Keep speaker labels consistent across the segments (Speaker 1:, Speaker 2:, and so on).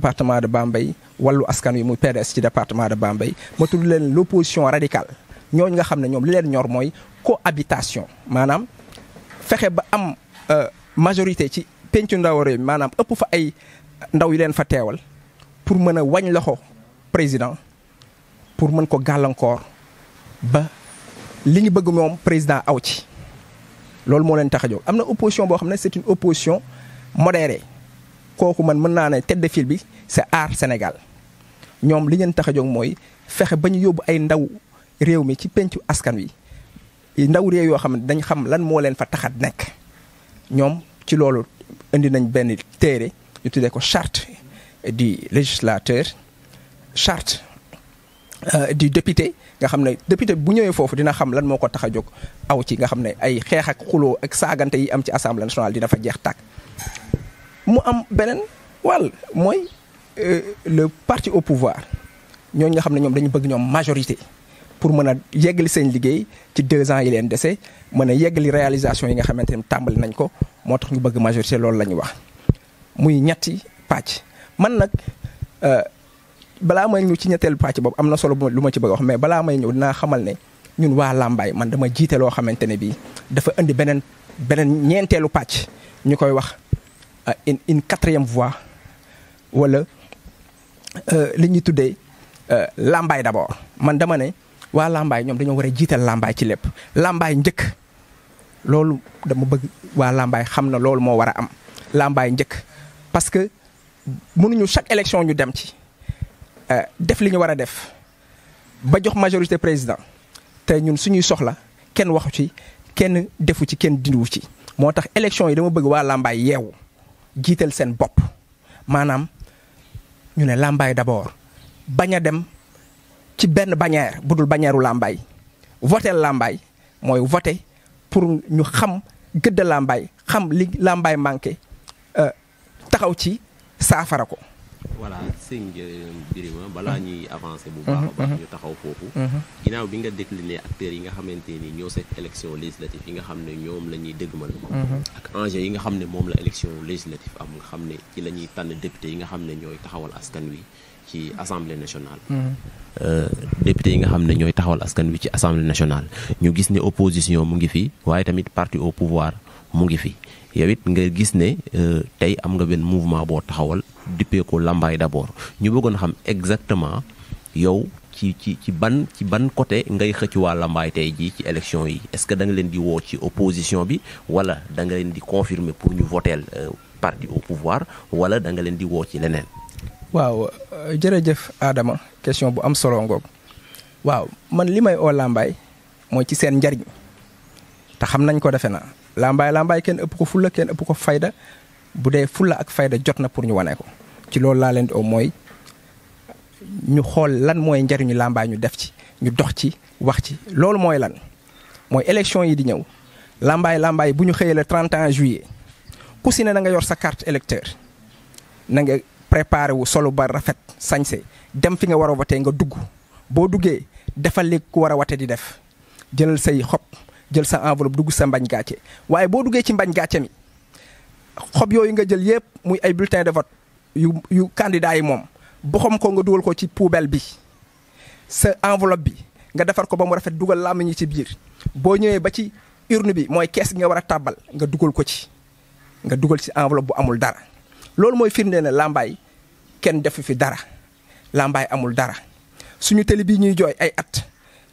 Speaker 1: département de Bambey walu askan wi muy PDS ci département de Bambey ma tudd leen l'opposition radicale ñooñu nga xamne ñom ñoom li leen ñor moy cohabitation Manam fexé ba am euh, majorité ci pencu ndaw réew mi ëpp fa ay ndaw yi leen fa téwal pour mëna wañ loxo président pour mën ko galancor ba li ñu bëgg mom président aw ci lool mo leen tax amna opposition bo xamne c'est une opposition modérée kooku man mën naa ne tête de bi c'est Aar Sénégal ñoom li leen tax a jóg mooy fexe ba ñu yóbbu ay ndaw réew mi ci pencu askan wi ndaw réew yoo xam ne dañ xam lan moo leen fa taxat nekk ñoom ci loolu indi nañ benn téere ñu tuddee ko charte du législateur charte euh, du député nga xam ne député bu ñëwee foofu dina lan moo ko tax jóg aw ci nga xam ne ay xeex ak xuloo ak saagante yi am ci assemblée nationale dina fa jeex tàkk mu am beneen wàll mooy euh, le parti au pouvoir ñooñu nga xam ne ñoom dañu bëgg ñoom majorité pour mën a yeggali seen liggéey ci deux ans yi leen dese mën a yeggali réalisation yi nga xamante ne tàmbali nañ ko moo tax ñu bëgg majorité loolu la ñu wax muy ñetti pàcc man nag euh, balaa may ñëw ci ñetteelu pàcc boobu am na solo lu ma ci bëgg wax mais balaa may ñëw dinaa xamal ne ñun waa làmbaay man dama jiite loo xamante ne bii dafa indi beneen beneen ñeenteelu pàcc ñu koy wax Euh, une, quatrième voie Voilà. Euh, li euh, l'ambaye d'abord man dama l'ambaye. Nous làmbaay nous l'ambaye. ci lépp dama bëgg wa lambay parce que chaque élection ñu dem ci def li ñu def ba majorité président ñun suñuy soxla kenn waxu ci kenn defu ci kenn élection yi dama bëgg jiital seen bopp maanaam ñu ne làmbaay d'abord bañ a dem ci benn bu dul bannièreu làmbaay voter làmbaay mooy vote pour ñu xam gëdd làmbaay xam li làmbaay manqué euh, taxaw ci saafara ko
Speaker 2: voilà sëñ euh, Birima balaa ñuy avancé bu baax a ñu taxaw foofu ginaaw bi nga décliné acteurs yi nga xamante ni ñoo seet élection législative yi nga xam ne ñoom la ñuy dëgmal ak enjeu yi nga xam ne moom la élection législative am nga xam ne ci la ñuy tànn député yi nga xam ne ñooy taxawal askan wi ci assemblée nationale euh, député yi nga xam ne ñooy taxawal askan wi ci assemblée nationale ñu gis ne opposition mu ngi fi waaye tamit parti au pouvoir mu ngi fi yawit it nga gis ne euh, tey am nga benn mouvement boo taxawal dippee ko làmbaay d'abord ñu bëggoon xam exactement yow ci ci ci ban ci ban côté ngay xëcc waa làmbaay tey ji ci élection yi est-ce que da nga leen di woo ci opposition bi wala da nga leen di confirmer pour ñu voteel euh, parti au pouvoir wala da nga leen di woo ci leneen.
Speaker 1: waaw jërëjëf Adama question bu am solo ngoog waaw man li may oo làmbaay mooy ci seen njariñ te xam nañ ko defe naa. lambaay lambaay kenn ëpp ko fulla kenn ëpp ko fayda bu dee fulla ak fayda jot na pour ñu wanee ko ci loolu laa leen di oo mooy ñu xool lan mooy njariñu làmbaay ñu def ci ñu dox ci wax ci loolu mooy lan mooy élection yi di ñëw làmbaay làmbaay bu ñu xëyee le 31 juillet ku si na nga yor sa carte électeur na nga préparé wu solo ba rafet sañse dem fi nga war a watee nga dugg boo duggee defal li ku war a wate di def jëlal say xob jël sa enveloppe dugg sa mbañ gàcce waaye bo duggee ci mbañ gàcce mi xob yooyu nga jël yépp muy ay bulletin de vote yu yu candidat yi moom boxam ko nga dugal ko ci poubelle bi sa enveloppe bi nga defar ko ba mu rafet dugal làmm ñi ci biir boo ñëwee ba ci urne bi mooy kees gi nga war a nga ko ci nga ci enveloppe bu amul dara loolu mooy firnde ne làmbaay ken defu fi dara làmbaay amul dara suñu télé bi ñuy jooy ay at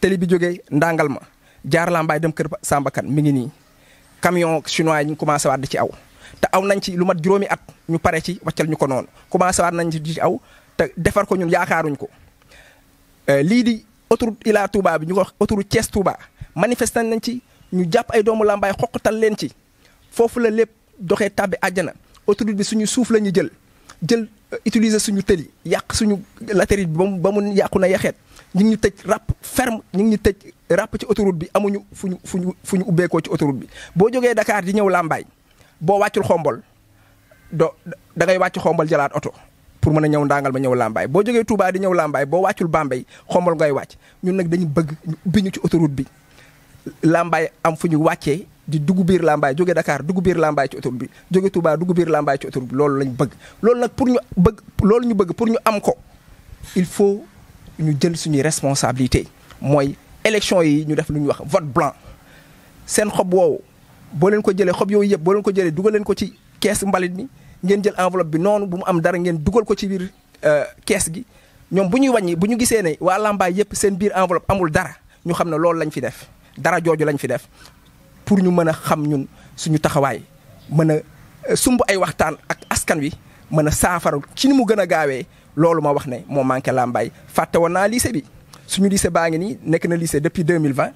Speaker 1: télé bi jógee ndangal ma jaar Lambaye dem kër Samba Kane mi ngi nii camion chinois yi ñu commencé waat di ci aw te aw nañ ci lu mat juróomi at ñu pare ci waccal ñu ko noonu commencé waat nañ ci di ci aw te defar ko ñun yaakaaruñ ko. Euh, lii di autoroute Ila bi ñu ko wax autoroute Thiès Touba manifesté nañ ci ñu jàpp ay doomu Lambaye xoqatal leen ci foofu la lépp doxee tàbbi àjjana autoroute bi suñu suuf la ñu jël jël. utiliser suñu tëli yàq suñu latérite bi ba mu ba na yaxeet ñu ngi ñu tëj ràpp ferme ñu ngi ñu tëj ràpp ci autoroute bi amuñu fu ñu fu ñu fu ñu ubbeekoo ci autoroute bi boo jogee dakaar di ñëw Lambaay boo wàccul xombol do da wàcc xombol jalaat oto pour mën a ñëw ndàngal ma ñëw Lambaay boo jogee Touba di ñëw Lambaay boo wàccul Bambey xombol ngay wàcc ñun nag dañu bëgg ñu ñu ci autoroute bi Lambaay am fu ñu wàccee di Lambaye Dakar Lambaye ci Touba Lambaye ci bi loolu lañ bëgg pour ñu bëgg il faut ñu jël suñu responsabilité mooy élection yi ñu def wax vote blanc seen xob woowu boo leen ko jëlee xob yooyu yëpp boo leen ko jëlee dugal ko ci kees mbalit mi ngeen jël enveloppe bi noonu bu mu am dara ngeen dugal ko ci biir euh, kees gi ñoom bu ñuy wàññi bu ñu gisee Lambaye Vous enveloppe amul dara ñu ne loolu lañ fi def dara pour ñu mën a xam ñun suñu taxawaay mën a euh, sumb ay waxtaan ak askan wi mën a saafara ci ni mu gën a gaawee loolu ma wax ne moo manqué Lambaye fàtte woon naa lycée bi suñu lycée baa ngi nii nekk na lycée depuis 2020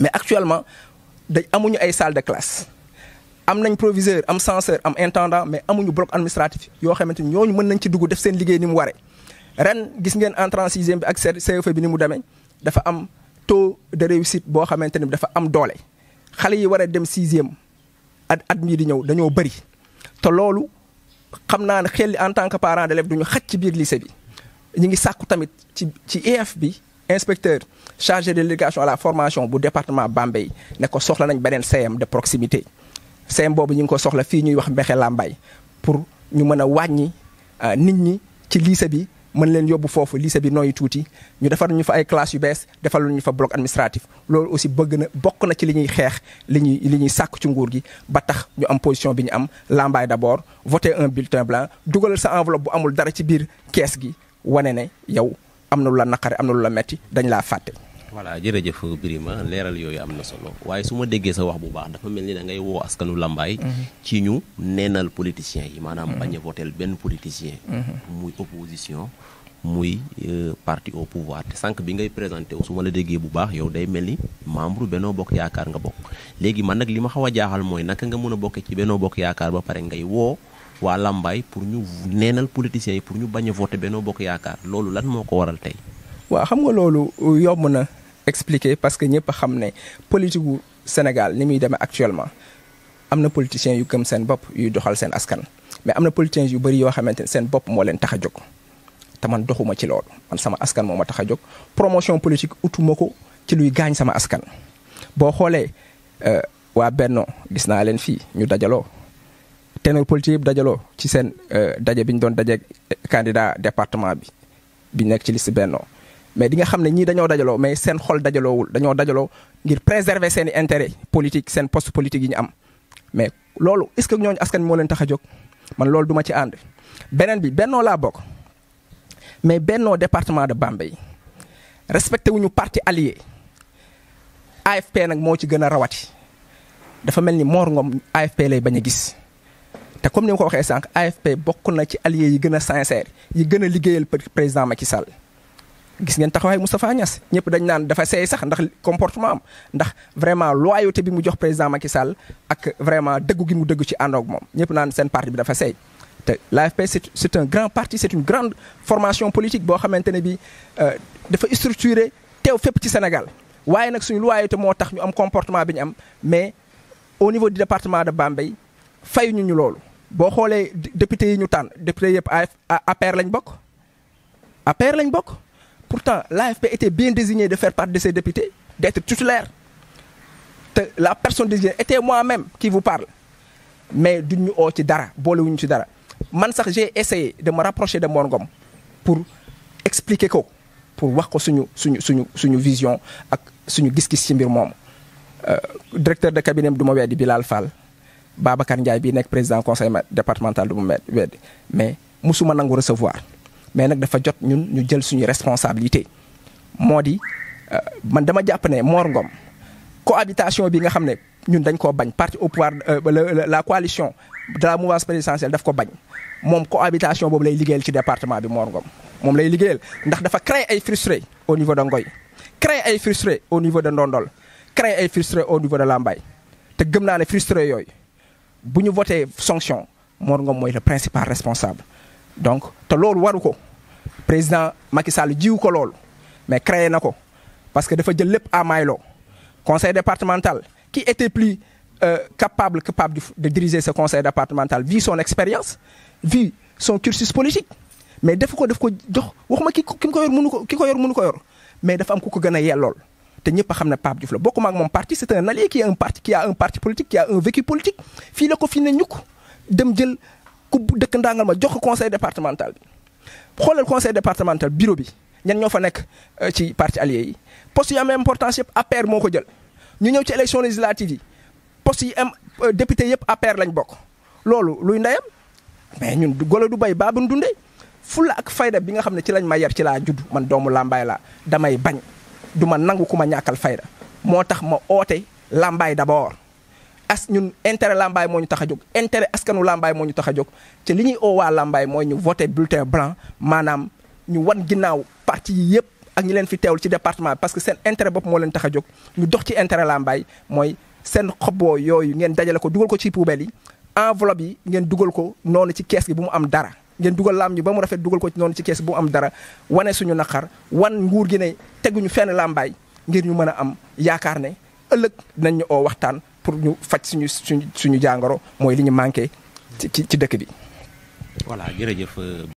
Speaker 1: mais actuellement day amuñu ay salle de classe am nañ proviseur am censeur am intendant mais amuñu bloc administratif yoo xamante ni ñooñu mën nañ ci dugg def seen liggéey ni mu waree ren gis ngeen entrant sixième bi ak CFEE bi ni mu demee dafa am taux de réussite boo xamante ni dafa am doole. xale yi war a dem sixième at at mii di ñëw dañoo bëri te loolu xam naa ne xel en tant que parent d'élève du ñu xaj ci biir lycée bi ñu ngi sàkku tamit ci ci EF bi inspecteur chargé de l'éducation à la formation bu département Bambey nekko soxla nañ beneen CM de proximité CM boobu ñu ngi ko soxla fii ñuy wax Mbexe pour ñu mën a wàññi euh, nit ñi ci lycée bi. mën leen yóbbu foofu lycée bi nooyu tuuti ñu defal ñu fa ay classes yu bees defal ñu fa bloc administratif loolu aussi bëgg na bokk na ci li ñuy xeex li ñuy li ñuy sàkk ci nguur gi ba tax ñu am position bi ñu am lambaay d'abord voter un bulletin blanc dugalal sa enveloppe bu amul dara ci biir kees gi wane ne yow am na lu la naqari am na lu la metti dañ laa fàtte
Speaker 2: voilà jërëjëf ma leeral yooyu am na solo waaye su ma déggee sa wax bu baax dafa mel ni dangay ngay woo askanu làmbaay mhm. ci ñu neenal politiciens yi maanaam mhm. bañ a benn politicien mhm. muy opposition muy euh, parti au pouvoir te sànq bi ngay présenté wu su déggee bu baax yow day mel ni membre Benno Bokk Yaakaar nga bokk léegi man nag li ma xaw a jaaxal mooy naka nga mën a bokkee ci Benno Bokk Yaakaar ba pare ngay woo waa làmbaay pour ñu neenal politiciens yi pour
Speaker 1: ñu bañ a voté Benno Bokk Yaakaar loolu lan moo ko waral tey waaw xam nga loolu yomb na expliquer parce que ñëpp a xam ne politique gu Sénégal ni muy demee actuellement am na politiciens yu gëm seen bopp yuy doxal seen askan. mais am na politiciens yu bëri yoo xamante ne seen bopp moo leen tax a jóg te man doxuma ci loolu man sama askan moo ma tax a jóg promotion politique utuma ko ci luy gaañ sama askan. boo xoolee euh, waa bennoo gis naa leen fii ñu dajaloo tenor politique yëpp dajaloo ci seen euh, daje bi ñu doon daje euh, candidat département bi bi nekk ci liste Benno mais di nga xamné politiques, dañoo mais seen xol wul dañoo ngir préserver intérêt politique seen poste politique am mais loolu est-ce que ñooñu askan moo leen tax man loolu duma ci bi mais département de Bambey respecté wuñu parti allié AFP nag moo ci gën rawati dafa AFP lay bañ a gis. te comme ni AFP na ci allié yi sincère yi président Macky gis ngeen taxawaay Moustapha Niass ñëpp dañ naan dafa sey sax ndax comportement am ndax vraiment loyauté bi mu jox président Macky Sall ak vraiment dëggu gi mu dëggu ci àndoog moom ñëpp naan seen parti bi dafa sey te l'AFP c'est c'est un grand parti c'est une grande formation politique boo xamante ne bi euh, dafa structuré teew fépp ci Sénégal waaye nag suñu loyauté moo tax ñu am comportement bi ñu am mais au niveau du département de Bambey fay ñu ñu loolu boo xoolee député yi ñu tànn député yëpp AF APR lañ bokk APR lañ bokk. Pourtant, l'AFP était bien désignée de faire partie de ses députés, d'être titulaire. La personne désignée était moi-même qui vous parle. Mais nous autre dara, bolé ci dara. j'ai essayé de me rapprocher de gomme pour expliquer quoi, pour voir ko suñu nous, suñu suñu vision ak suñu gis-gis ci mbir euh, directeur de cabinet de ma Bilal Fall Babacar Ndiaye bi président conseil départemental de ma mais musuma pas recevoir mais nak dafa jot ñun ñu jël suñu responsabilité modi euh, man dama japp né Mor Ngom cohabitation bi nga xamné ne ñun dañ ko bañ parti au pouvoir euh, la coalition de la mouvance présidentielle daf ko bañ mom cohabitation bobu lay liguel ci département bi Mor Ngom moom lay liguel ndax dafa créer ay frustré au niveau de Ngoy créer ay frustré au niveau de Ndondol créer ay frustré au niveau de Lambaye te gëm naa ne frustré yoy bu ñu sanction Mor Ngom le principal responsable donc te lolou waru ko président Macky Sall dit, ko loolu mais créé nako parce que dafa jël lépp amaaylo conseil départemental qui était plus euh, capable capable de diriger ce conseil départemental vu son expérience vu son cursus politique mais def ko daf ko jox waxuma ki ki ko yor mënu ko yor yor mais dafa am ku ko gën a té te ñëpp xam Pape Diouf la bokuma ak parti c'est un allié qui a un parti qui a un parti politique qui a un vécu politique Il la ko fi ne ñuk dem jël. ku dëkk ndàngal ma jox ko conseil départemental bi xoolal conseil départemental bureau bi ñan ñoo fa nekk euh, ci parti allié yi poste yi am importance yëpp APR moo ko jël ñu ñëw ci élection législative yi poste yi am euh, député yëpp APR lañ bokk loolu luy ndeyam mais ñun golo du bay baabu dunde fulla ak fayda bi nga xam ne ci lañ ma yar ci laa judd man doomu lambaay laa damay bañ du man nangu ku ma ñàkkal fayda moo tax ma oote làmbaay d'abord as ñun intérêt Lambaye moo ñu tax a jóg intérêt askanu Lambaye moo ñu tax a jóg te li ñuy oo waa Lambaye mooy ñu voté bulletin blanc maanaam ñu wan ginnaaw parti yi yëpp ak ñu leen fi teewul ci département parce que seen intérêt bopp moo leen tax a jog ñu dox ci intérêt Lambaye mooy seen xob woo yooyu ngeen dajale ko dugal ko ci poubelle yi enveloppe yi ngeen dugal ko noonu ci kees gi bu mu am dara ngeen dugal laam ñu ba mu rafet dugal ko noonu ci kees bu mu am dara wane suñu naqar wan nguur gi ne teguñu fenn Lambaye ngir ñu mën a am yaakaar ne ëllëg dinañ ñu waxtaan pour ñu faj suñu suñu suñu jàngoro mooy li ñu manqué ci dëkk bi
Speaker 2: voilà jërëjëf